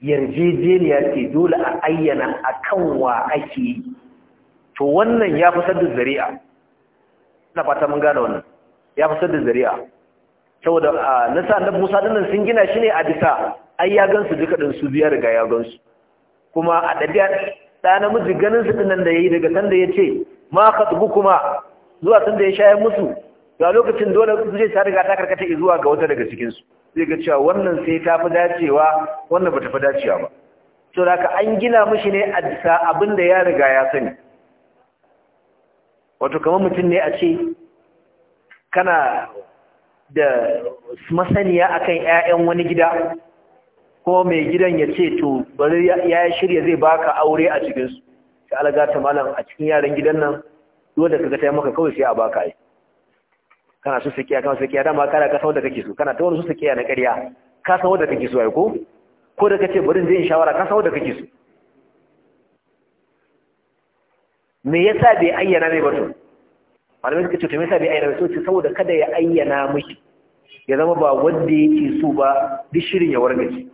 yarjejeniya ce dole a ayyana a kan wa ake yi to wannan ya fi da zari'a ina fata mun gane wannan ya fasar da zari'a saboda nasa na Musa dinnan sun gina shi ne a bisa ai ya gansu duka din su biya riga ya gansu kuma a dabi'a da namiji ganin su dinnan da yayi daga san da yace ma kuma zuwa san da ya shayar musu ga lokacin dole su je ta riga ta karkata zuwa ga wata daga cikin su zai ga cewa wannan sai ta fi dacewa wannan bata fi dacewa ba to da an gina mishi ne a bisa abinda ya riga ya sani wato kamar mutum ne a ce kana da masaniya akan 'ya'yan wani gida ko mai gidan ya ce to bari ya shirya zai baka aure a cikinsu sai alaga ta malam a cikin yaran gidan nan dole kaga ta maka kawai sai a baka ai kana su sakiya kana sakiya dama kana ka san kake so kana ta wani su sakiya na ƙarya ka san da kake so ai ko ko da kace bari zai shawara ka san da kake so me yasa bai ayyana mai bato malamai suka ce to me yasa bai ayyana mai ce saboda kada ya ayyana miki ya zama ba wanda yake so ba duk shirin ya wargaje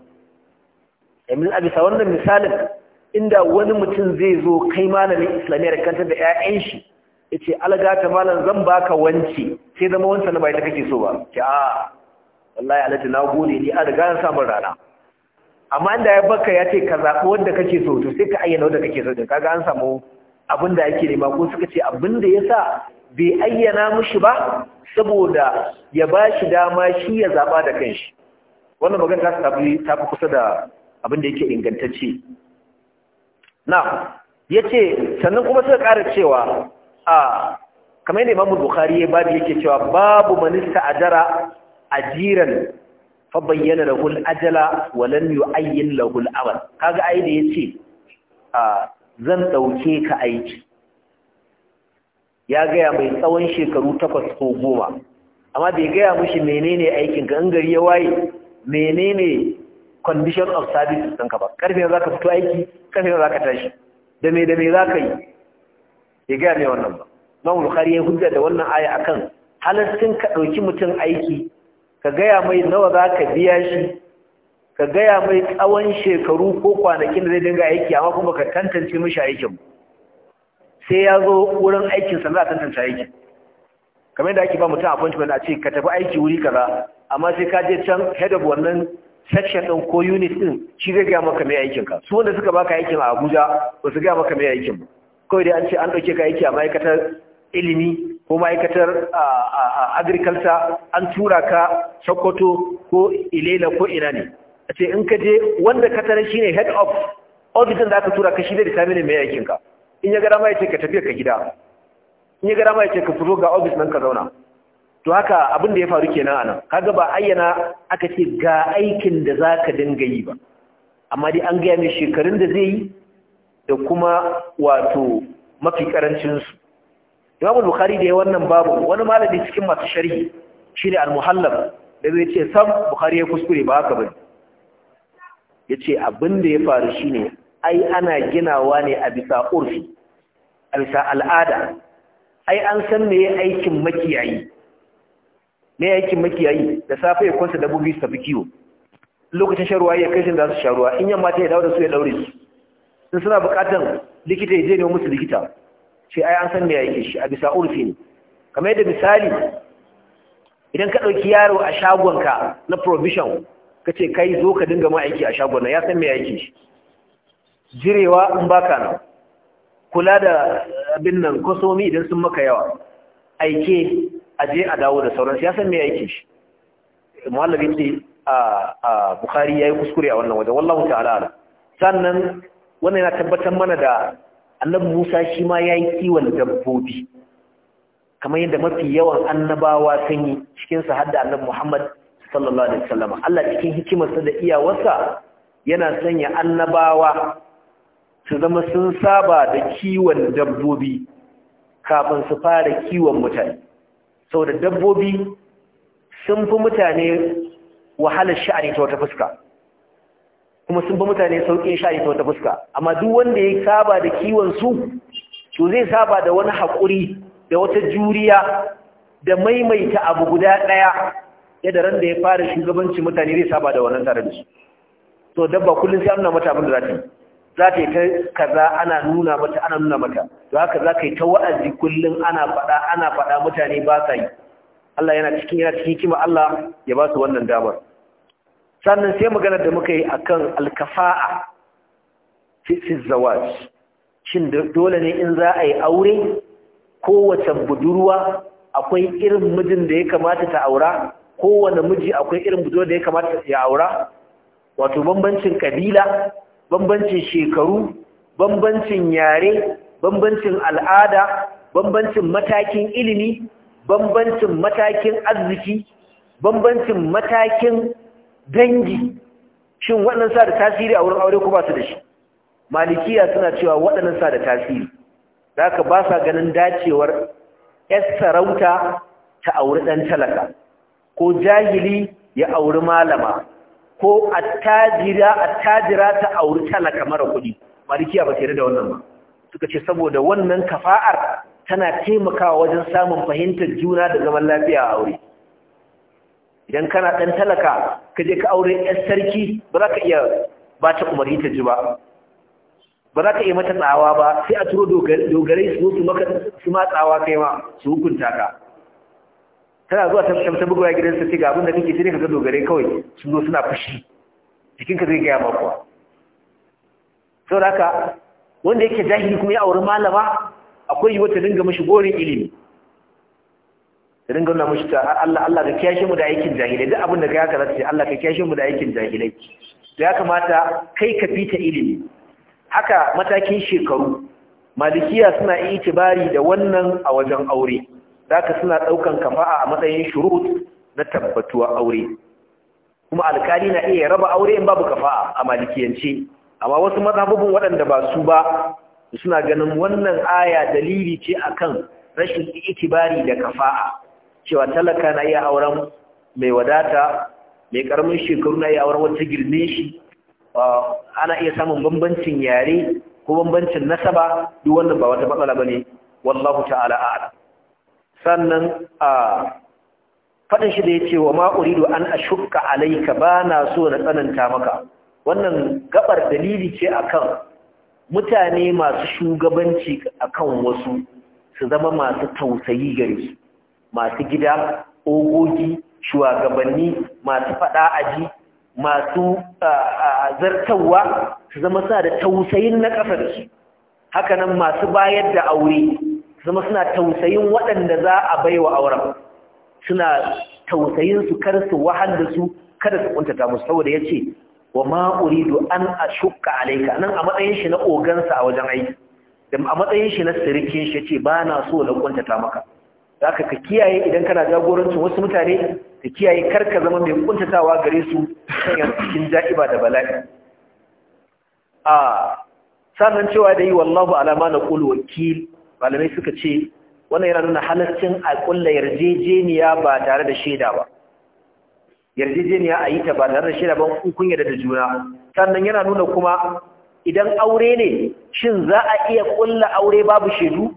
yanzu a Sa wannan misalin inda wani mutum zai zo kai malamin islamiyyar kantar da 'ya'yan shi ya ce algata malam zan baka wance sai zama wancan na bai ta kake so ba ce a wallahi alhaji na gode ni a daga samun rana amma inda ya baka ya ce ka zaɓi wanda kake so to sai ka ayyana wanda kake so ka ga an samu abin da ake nema ko suka ce abin da ya sa bai ayyana mushi ba saboda ya ba shi dama shi ya zaba da kan shi wannan magana ta tafi tafi kusa da abin da yake ingantacce na ya ce sannan kuma suka ƙara cewa a kamar yadda imamu bukhari ya babu yake cewa babu manista ajara jiran fa bayyana lahul ajala walan lam ayyin lahul amal kaga ai da yace a zan ɗauke ka aiki ya gaya mai tsawon shekaru takwas ko goma amma bai gaya mushi menene aikin ka. gari ya waye menene condition of service ɗinka ba karfe za ka fito aiki karfe za ka tashi da me da me za ka yi bai gaya mai wannan ba mamu bukari ya hujja da wannan aya akan sun ka ɗauki mutum aiki ka gaya mai nawa za ka biya shi ka gaya mai tsawon shekaru ko kwanakin da zai dinga aiki amma kuma ka tantance mishi aikin sai ya zo wurin aikinsa za a tantance aikin kamar yadda ake ba mutum appointment a ce ka tafi aiki wuri kaza amma sai ka je can head of wannan section din ko unit din shi zai gaya maka mai aikin ka su wanda suka baka aikin a Abuja ba su gaya maka mai aikin ba kawai dai an ce an dauke ka aiki a ma'aikatar ilimi ko ma'aikatar agriculture an tura ka Sokoto ko Ilela ko ina ne a ce in ka je wanda ka shi shine head of auditin da aka tura ka shi da determine mai aikin ka in ya gara ma yace ka tafi ka gida in ya gara ma yace ka fito ga office nan ka zauna to haka abin da ya faru kenan anan kaga ba ayyana aka ce ga aikin da zaka dinga yi ba amma dai an gaya mai shekarun da zai yi da kuma wato mafi karancin su Imam Bukhari da ya wannan babu wani malami cikin masu sharhi shine al-muhallab da zai ce sam Bukhari ya kuskure ba haka bane ya ce abin da ya faru shi ne ai ana ginawa ne a bisa urfi a bisa al'ada ai an san me aikin makiyayi me aikin makiyayi da safe ya kwanta dabbobi su tafi kiwo lokacin sharuwa ya kashin da su sharuwa in yamma ta ya dawo da su ya daure su sun suna bukatan likita ya je ne musu likita sai ai an san me yake shi a bisa urfi ne kamar yadda misali idan ka ɗauki yaro a shagonka na provision ka ce kai zo ka dinga ma a shagon ya san mai aiki shi jirewa in baka nan kula da abin nan kwasomi idan sun maka yawa aike aje a dawo da sauransu ya san mai aiki shi muhallabi ce a bukari ya yi kuskure a wannan wajen wallahu ta'ala sannan wannan yana tabbatar mana da annabi musa shi ma ya yi kiwon dabbobi kamar yadda mafi yawan annabawa sun yi cikinsa har da annabi muhammad sallallahu alaihi wasallam Allah cikin hikimarsa da iyawarsa yana sanya annabawa su zama sun saba da kiwon dabbobi kafin su fara kiwon mutane saboda dabbobi sun fi mutane wahalar sha'ani ta wata fuska kuma sun fi mutane sauƙin sha'ani ta wata fuska amma duk wanda ya saba da kiwon su to zai saba da wani haƙuri da wata juriya da maimaita abu guda ɗaya yadda ran da ya fara shugabanci mutane zai saba da wannan tare da su to dabba kullum sai an nuna mata abin da zata yi za yi ta kaza ana nuna mata ana nuna mata to haka za yi ta wa'azi kullum ana faɗa ana faɗa mutane ba sa yi Allah yana cikin yana cikin hikima Allah ya ba su wannan damar sannan sai magana da muka yi akan alkafa'a fi zawaj shin dole ne in za a yi aure kowace budurwa akwai irin mijin da ya kamata ta aura kowane miji akwai irin budo da ya kamata ya aura wato bambancin kabila bambancin shekaru bambancin yare bambancin al'ada bambancin matakin ilimi bambancin matakin arziki bambancin matakin dangi shin waɗannan sa da tasiri a wurin aure ko ba su da shi malikiya suna cewa waɗannan sa da tasiri Za ka ba sa ganin dacewar 'yar sarauta ta auri ɗan talaka ko jahili ya auri malama ko attajira attajira ta auri talaka mara kuɗi malikiya ba tare da wannan ba suka ce saboda wannan kafa'ar tana taimakawa wajen samun fahimtar juna da zaman lafiya a aure idan kana ɗan talaka ka je ka aure 'yan sarki ba za ka iya ba ta umarni ta ji ba ba za ka iya mata tsawa ba sai a turo dogarai su su maka su ma kai ma su hukunta ka tana zuwa ta bugawa gidan ce ga abin da kake sai ka ga dogare kawai sun zo suna fushi jikinka zai gaya ma kuwa sau haka wanda yake jahili kuma ya auri malama akwai yi wata dinga mashi gorin ilimi da dinga nuna mashi ta Allah Allah ka kiyashe mu da aikin jahilai duk abin da ka yaka ce Allah ka kyashe mu da aikin jahilai to ya kamata kai ka fita ilimi haka matakin shekaru malikiya suna itibari da wannan a wajen aure zaka suna ɗaukan kafa'a a matsayin shurut na tabbatuwa aure kuma alkali na iya raba aure in babu kafa'a a malikiyance amma wasu mazhabubun waɗanda ba su ba suna ganin wannan aya dalili ce akan rashin ikibari da kafa'a cewa talaka na iya auren mai wadata mai ƙaramin shekaru na iya auren wata girme shi ana iya samun bambancin yare ko bambancin nasaba duk wannan ba wata matsala bane wallahu ta'ala a'lam sannan a faɗin shi da ya ce wa ma'uridu an shuka alaika ba na so na tsananta maka wannan gabar dalili ce akan mutane masu shugabanci akan wasu su zama masu tausayi gare su masu gida ogogi shugabanni masu faɗa aji masu zartawa su zama sa da tausayin na ƙasa da su hakanan masu bayar da aure zama suna tausayin waɗanda za a baiwa auren suna tausayin su kar su wahal su kada su kuntata musu saboda yace wa ma uridu an ashukka alayka nan a matsayin shi na ogansa a wajen aiki dan a matsayin shi na sirikin shi yace ba na so na kuntata maka zaka ka kiyaye idan kana jagorancin wasu mutane ka kiyaye kar ka zama mai kuntatawa gare su kan cikin ja'iba da bala'i a ah, sannan cewa da yi wallahu alama na qul wakil malamai suka ce wannan yana nuna halaccin a kulla yarjejeniya ba tare da shaida ba yarjejeniya a yi ta ba tare da shaida ba kun yarda da juna sannan yana nuna kuma idan aure ne shin za a iya kulla aure babu shaidu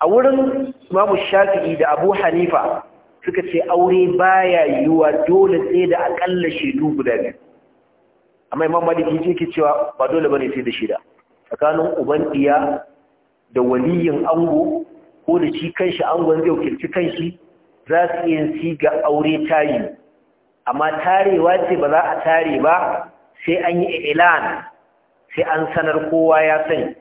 a wurin Imam Shafi'i da Abu Hanifa suka ce aure baya yiwuwa dole sai da akalla shaidu guda biyu amma Imam ce ke cewa ba dole bane sai da shaida tsakanin uban iya da waliyin ango ko da shi kanshi angon zai wakilci kanshi za su iya ga aure tayi amma tarewa ce ba za a tare ba sai an yi ilan sai an sanar kowa ya sani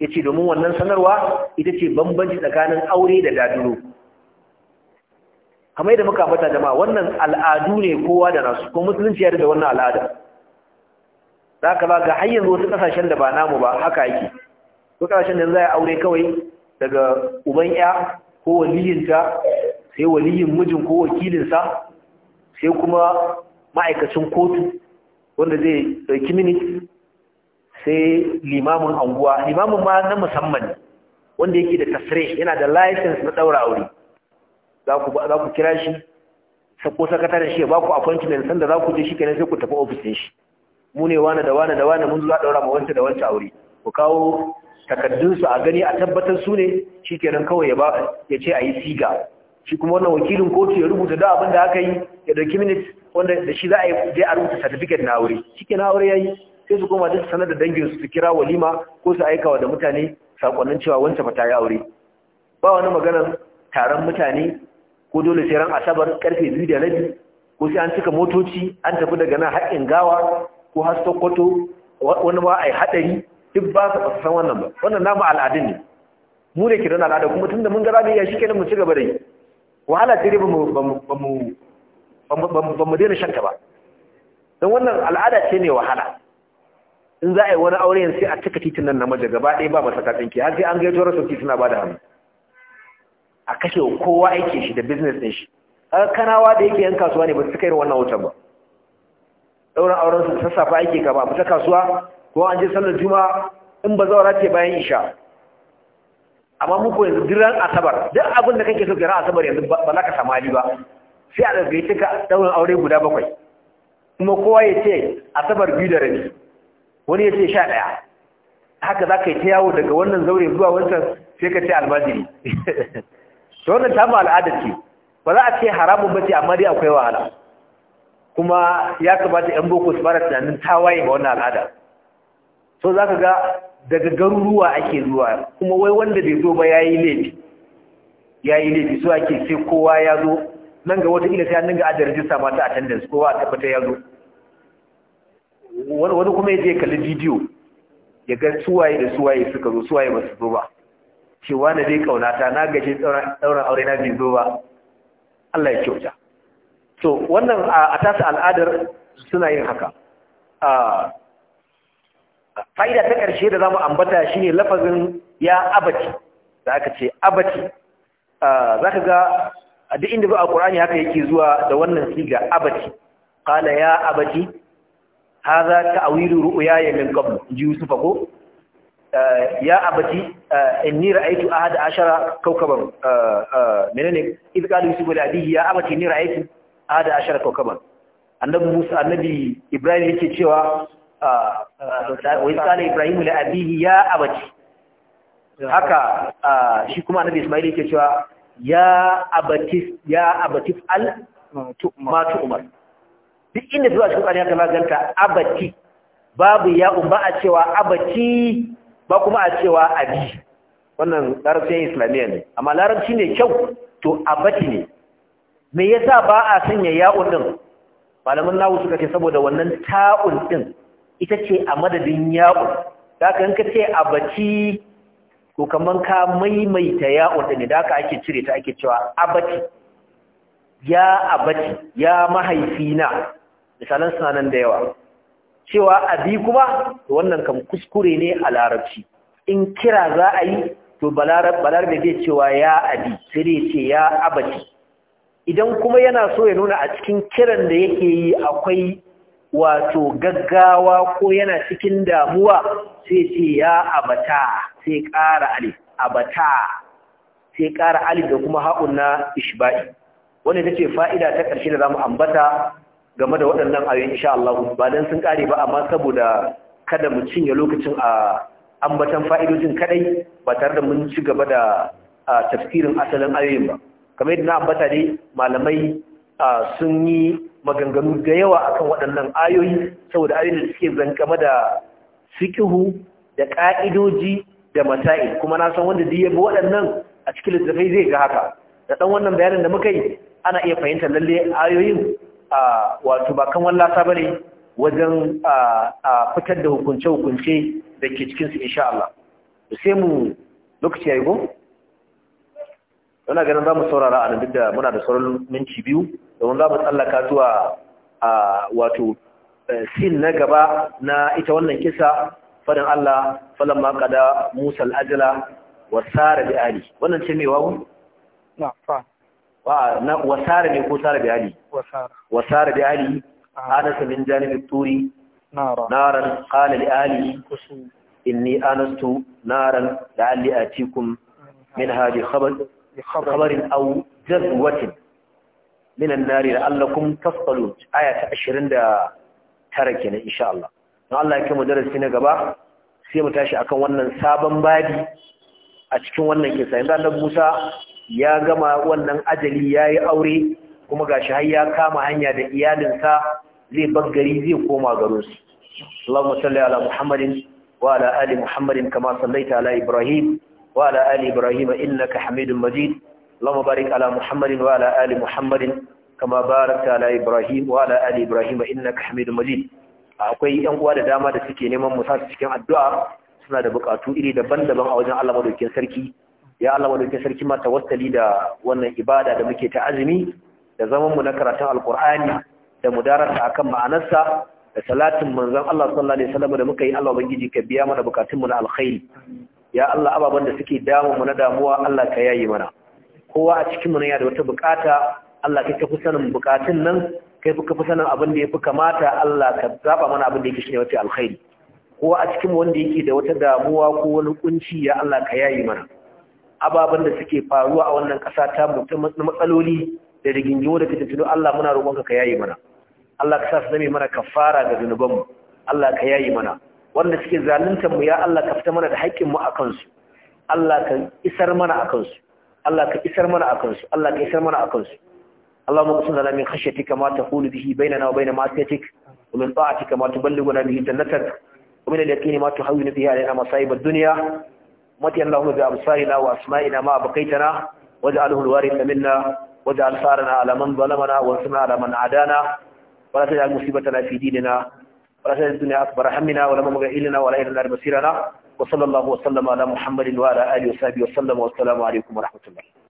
ya ce domin wannan sanarwa ita ce bambanci tsakanin aure da daduro kamar yadda muka fata jama'a wannan al'adu ne kowa da nasu ko musulunci ya da wannan al'ada za ka ba ga har wasu ƙasashen da ba namu ba haka yake ko kashin da za a aure kawai daga uban ya ko waliyinta sai waliyin mijin ko wakilinsa sai kuma ma'aikacin kotu wanda zai ɗauki mini sai limamin anguwa limamin ma na musamman wanda yake da tasre yana da license na ɗaura aure za ku kira shi ko sakataren shi ba ku appointment sanda za ku je shi kenan sai ku tafi ofisin shi mu ne wani da wani da wani mun zuwa ɗaura ma wancan da wancan aure ku kawo takaddunsu a gani a tabbatar su ne shi kenan kawai ya ce a yi siga shi kuma wannan wakilin kotu ya rubuta da abin da aka yi ya ɗauki minit wanda da shi za a yi a rubuta certificate na aure shi ke na aure ya yi sai su koma duka sanar da danginsu su kira walima ko su aikawa da mutane sakonnin cewa wancan fata ya aure ba wani maganar taron mutane ko dole sai ran asabar karfe biyu da rabi ko sai an cika motoci an tafi daga nan haƙƙin gawa ko har sokoto wani ma a yi haɗari duk ba su san wannan ba wannan namu al'adun ne mu ne ke rana al'ada kuma tunda da mun gaba ne ya shi kenan mu ci gaba da yi wahala ce dai ba mu daina shanta ba don wannan al'ada ce ne wahala in za a yi wani aure sai a cika titin nan na maje gaba ɗaya ba masa katsinki har sai an gaito rasoki suna ba da hannu a kashe kowa aiki shi da business ɗin shi kanawa da yake yan kasuwa ne ba su kai wannan wutan ba ɗaurin auren su sassafa aiki ka ba fita kasuwa ko an je sallar juma'a in ba zaura ce bayan isha amma muku yanzu diran asabar duk abin da kake so ran asabar yanzu ba za ka samu hali ba sai a daga ita ka ɗaurin aure guda bakwai kuma kowa ya ce asabar biyu da rabi wani ya ce sha ɗaya haka za ka yi ta yawo daga wannan zaure zuwa wancan sai ka ce almajiri to wannan ta ma al'ada ce ba za a ce haramun ba ce amma dai akwai wahala kuma ya kamata 'yan boko su fara tunanin tawaye ga wannan al'ada so za ka ga daga garuruwa ake zuwa kuma wai wanda bai zo ba ya yi laifi ya yi laifi so ake sai kowa ya zo nan ga wata sai nan ga adda rajista mata attendance kowa a tabbata ya zo wani kuma ya je kalli bidiyo ya ga suwaye da suwaye suka zo suwaye ba su zo ba cewa na dai kaunata na gaji tsauran aure na bai zo ba Allah ya kyauta so wannan a tasa al'adar suna yin haka fa'ida ta ƙarshe da za mu ambata shi ne lafazin ya abati da aka ce abati za ka ga duk inda ba a ƙorani haka yake zuwa da wannan siga abati ƙala ya abati haza ta awiru ru'uya ya min qablu ji yusufa ko ya abati inni a hada ashara kawkaban menene iz qala yusufu li abihi ya abati inni a hada ashara kaukaban Musa annabi Ibrahim yake cewa Ah, wa qala ibrahim da abihi ya abati haka ah, shi kuma annabi isma'il ke cewa ya abati ya abati al matu tu umar duk inda zuwa shi ƙwari kama ganta abati babu ya umba a cewa abati ba kuma a cewa abi wannan larabcin islamiyya ne amma larabci ne kyau to abati ne me yasa ba a sanya ya'un din malaman nawu suka ce saboda wannan ta'un din ita ce a madadin ya'u da kan ka ce a baci ko kaman ka maimaita ya'u din da ka ake cire ta ake cewa baci ya baci ya mahaifina misalan suna nan da yawa cewa a abi kuma to wannan kan kuskure ne a larabci in kira za a yi to balarabe zai cewa ya abi sai ce ya abaci idan kuma yana so ya nuna a cikin kiran da yake yi akwai wato gaggawa ko yana cikin damuwa sai ce ya abata sai ƙara alif abata sai ƙara ali da kuma haɗun na ishba'i wanda ta ce fa'ida ta ƙarshe da za mu ambata game da waɗannan ayoyin insha Allah ba don sun ƙare ba amma saboda kada mu cinye lokacin a ambatan fa'idojin kaɗai ba tare da mun ci gaba da tafsirin asalin ayoyin ba kamar yadda na ambata dai malamai sun yi maganganu da yawa akan waɗannan ayoyi saboda ayoyin da suke game da sikihu, da ƙa'idoji da mata'i. kuma na san wanda duk yabi waɗannan a cikin littattafai zai ga haka da ɗan wannan bayanin da muka yi ana iya fahimtar lalle ayoyin a wato ba kan wallasa bane wajen a fitar da hukunce-hukunce da ke cikin su insha Allah sai mu lokaci yayi go ganin za mu saurara a nan duk da muna da sauran minti biyu domin za mu tsallaka zuwa a wato eh, sin na gaba na ita wannan kisa fadin Allah falon ma kada Musa al-ajla wa sara bi ali wannan ce mai wawu na fa wa wa sara ne ko sara bi ali wa sara bi ali hadasa ah. min janib turi naran qala li ali inni anastu naran da la'alli atikum minha bi khabar khabarin aw jazwatin minan nari la'allakum tasqalun aya ta 29 kenan insha Allah don Allah ya kai mu darasi na gaba sai mu tashi akan wannan sabon babi a cikin wannan kisa yanzu Annabi Musa ya gama wannan ajali yayi aure kuma gashi har ya kama hanya da iyalinsa zai baggari zai koma garin su Allahumma salli ala Muhammadin wa ala ali Muhammadin kama sallaita ala Ibrahim wa ala ali Ibrahim innaka Hamidum Majid اللهم بارك على محمد وعلى آل محمد كما باركت على إبراهيم وعلى آل إبراهيم إنك حميد مجيد akwai yan uwa da dama da suke neman mu su cikin addu'a suna da bukatu iri daban-daban a wajen Allah madaukakin sarki ya Allah madaukakin sarki ma tawassali da wannan ibada da muke ta azumi da zaman mu na karatun alqur'ani da mudarasa akan ma'anarsa da salatin manzon Allah sallallahu alaihi wasallam da muka yi Allah ubangiji ka biya mana bukatun mu na alkhairi ya Allah ababan da suke damu mu na damuwa Allah ka yayi mana kowa a cikin mana yana da wata bukata Allah kai ka fi sanin bukatun nan kai ka fi sanin abin da yafi kamata Allah ka zaba mana abin da yake shine wata alkhairi kowa a cikin wanda yake da wata damuwa ko wani kunci ya Allah ka yayi mana ababen da suke faruwa a wannan kasa ta mutum matsaloli da rigingimu da fitintunu Allah muna roƙonka ka yayi mana Allah ka sa su zame mana kafara ga zunubanmu Allah ka yayi mana wanda suke zaluntar mu ya Allah ka fita mana da haƙƙin mu akan su Allah ka isar mana akan su Allah ka isar mana akan su Allah ka isar mana akan su Allahumma qsim lana min khashyatika ma taqulu bihi bainana wa bain ma'siyatik wa min ta'atika ma tuballighuna bihi jannatak wa min al-yaqini ma tuhawwinu bihi alaina masa'ib ad-dunya متي اللهم بأبصارنا وأسمائنا ما بقيتنا واجعله الوارث منا واجعل ثارنا على من ظلمنا وانصرنا على من عادانا ولا تجعل مصيبتنا في ديننا ولا تجعل الدنيا أكبر همنا ولا مبلغ إلنا ولا إلى النار مسيرنا wa sallallahu wa sallama ala muhammadin wa ala alihi wa sahbihi wa sallama